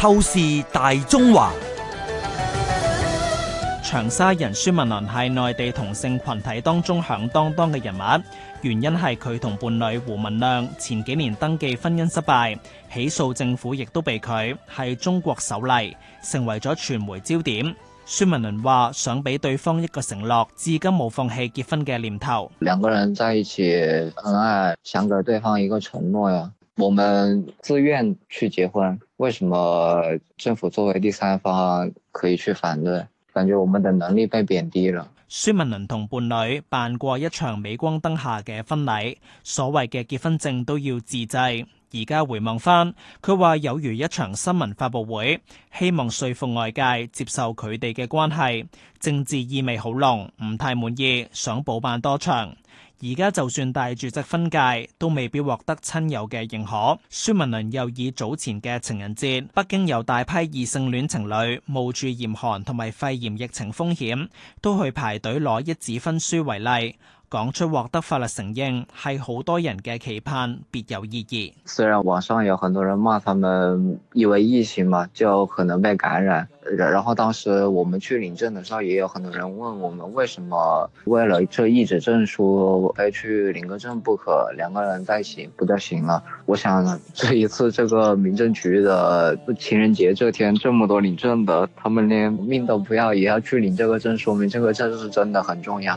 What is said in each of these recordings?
透視大中華，長沙人孫文麟係內地同性群體當中響當當嘅人物，原因係佢同伴侶胡文亮前幾年登記婚姻失敗，起訴政府亦都被拒，係中國首例，成為咗傳媒焦點。孫文麟話想俾對方一個承諾，至今冇放棄結婚嘅念頭。兩個人在一起恩愛，想給對方一個承諾呀。我們自願去結婚，為什麼政府作為第三方可以去反對？感覺我們的能力被貶低了。孫文麟同伴侶辦過一場鎂光燈下嘅婚禮，所謂嘅結婚證都要自製。而家回望翻，佢話有如一場新聞發布會，希望說服外界接受佢哋嘅關係，政治意味好濃，唔太滿意，想補辦多場。而家就算帶住隻婚戒，都未必獲得親友嘅認可。孫文麟又以早前嘅情人節，北京有大批異性戀情侶冒住嚴寒同埋肺炎疫情風險，都去排隊攞一紙婚書為例。講出獲得法律承認係好多人嘅期盼，別有意義。雖然網上有很多人罵他們，以為疫情嘛就可能被感染。然然後當時我們去領證的時候，也有很多人問我們為什麼為了這一紙證書，我非去領個證不可？兩個人在一起不就行了？我想這一次這個民政局的情人節這天，這麼多領證的，他們連命都不要，也要去領這個證書，說明這個證是真的很重要。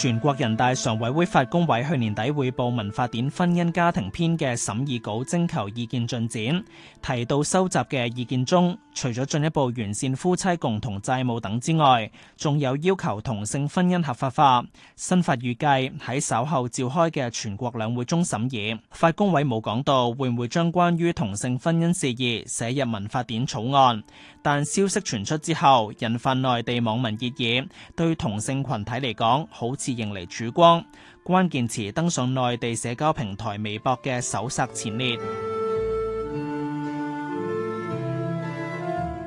全國人大常委會法工委去年底匯報《民法典》婚姻家庭篇嘅審議稿徵求意見進展，提到收集嘅意見中，除咗進一步完善夫妻共同債務等之外，仲有要求同性婚姻合法化。新法預計喺稍後召開嘅全國兩會中審議。法工委冇講到會唔會將關於同性婚姻事宜寫入《民法典》草案。但消息傳出之後，引發內地網民熱議，對同性群體嚟講好似迎嚟曙光，關鍵詞登上內地社交平台微博嘅搜索前列。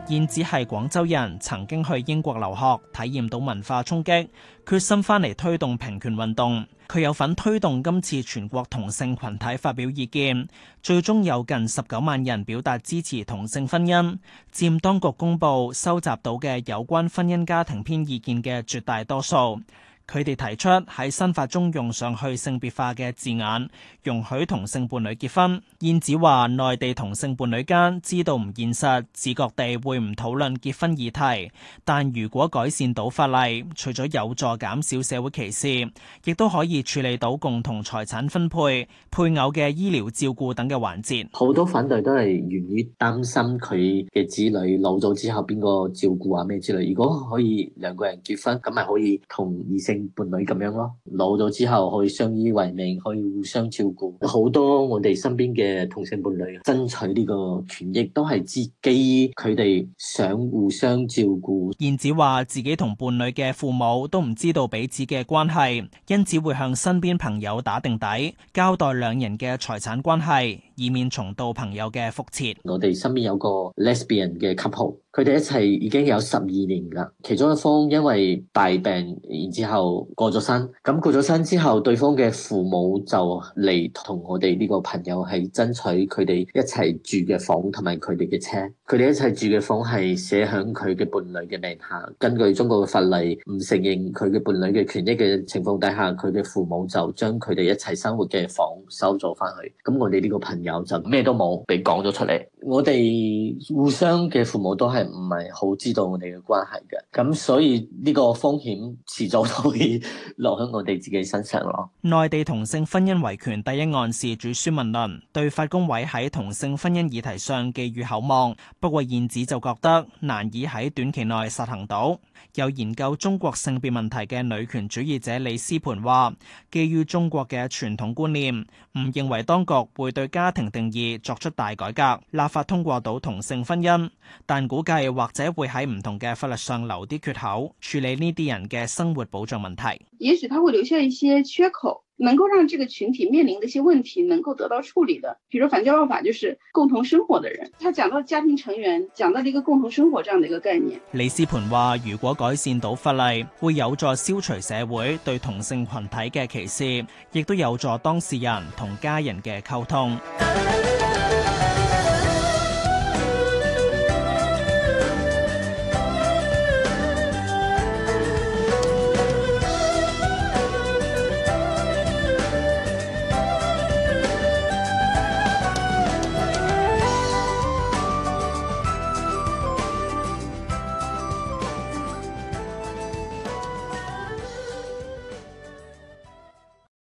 燕子係廣州人，曾經去英國留學，體驗到文化衝擊，決心翻嚟推動平權運動。佢有份推動今次全國同性群體發表意見，最終有近十九萬人表達支持同性婚姻，佔當局公布收集到嘅有關婚姻家庭編意見嘅絕大多數。佢哋提出喺新法中用上去性別化嘅字眼，容許同性伴侶結婚。燕子話內地同性伴侶間知道唔現實，自覺地會唔討論結婚議題。但如果改善到法例，除咗有助減少社會歧視，亦都可以處理到共同財產分配、配偶嘅醫療照顧等嘅環節。好多反對都係源於擔心佢嘅子女老咗之後邊個照顧啊咩之類。如果可以兩個人結婚，咁咪可以同意性伴侶咁樣咯，老咗之後可以相依為命，可以互相照顧。好多我哋身邊嘅同性伴侶爭取呢個權益，都係自基於佢哋想互相照顧。燕子話自己同伴侶嘅父母都唔知道彼此嘅關係，因此會向身邊朋友打定底，交代兩人嘅財產關係，以免重蹈朋友嘅覆轍。我哋身邊有個 lesbian 嘅 couple。佢哋一齊已經有十二年啦，其中一方因為大病，然之後過咗身，咁過咗身之後，對方嘅父母就嚟同我哋呢個朋友係爭取佢哋一齊住嘅房同埋佢哋嘅車。佢哋一齊住嘅房係寫響佢嘅伴侶嘅名下，根據中國嘅法例，唔承認佢嘅伴侶嘅權益嘅情況底下，佢嘅父母就將佢哋一齊生活嘅房收咗翻去，咁我哋呢個朋友就咩都冇，被講咗出嚟。我哋互相嘅父母都係唔係好知道我哋嘅關係嘅，咁所以呢個風險遲早都會落喺我哋自己身上咯。內地同性婚姻維權第一案事主孫文麟對法工委喺同性婚姻議題上寄予厚望，不過現時就覺得難以喺短期內實行到。有研究中國性別問題嘅女權主義者李思磐話，基於中國嘅傳統觀念，唔認為當局會對家庭定義作出大改革。法通過到同性婚姻，但估計或者會喺唔同嘅法律上留啲缺口，處理呢啲人嘅生活保障問題。也許，佢會留下一些缺口，能夠讓這個群體面臨的一些問題能夠得到處理的。比如反家暴法，就是共同生活的人，他講到家庭成員，講到一個共同生活這樣的一個概念。李思盤話：如果改善到法例，會有助消除社會對同性群體嘅歧視，亦都有助當事人同家人嘅溝通。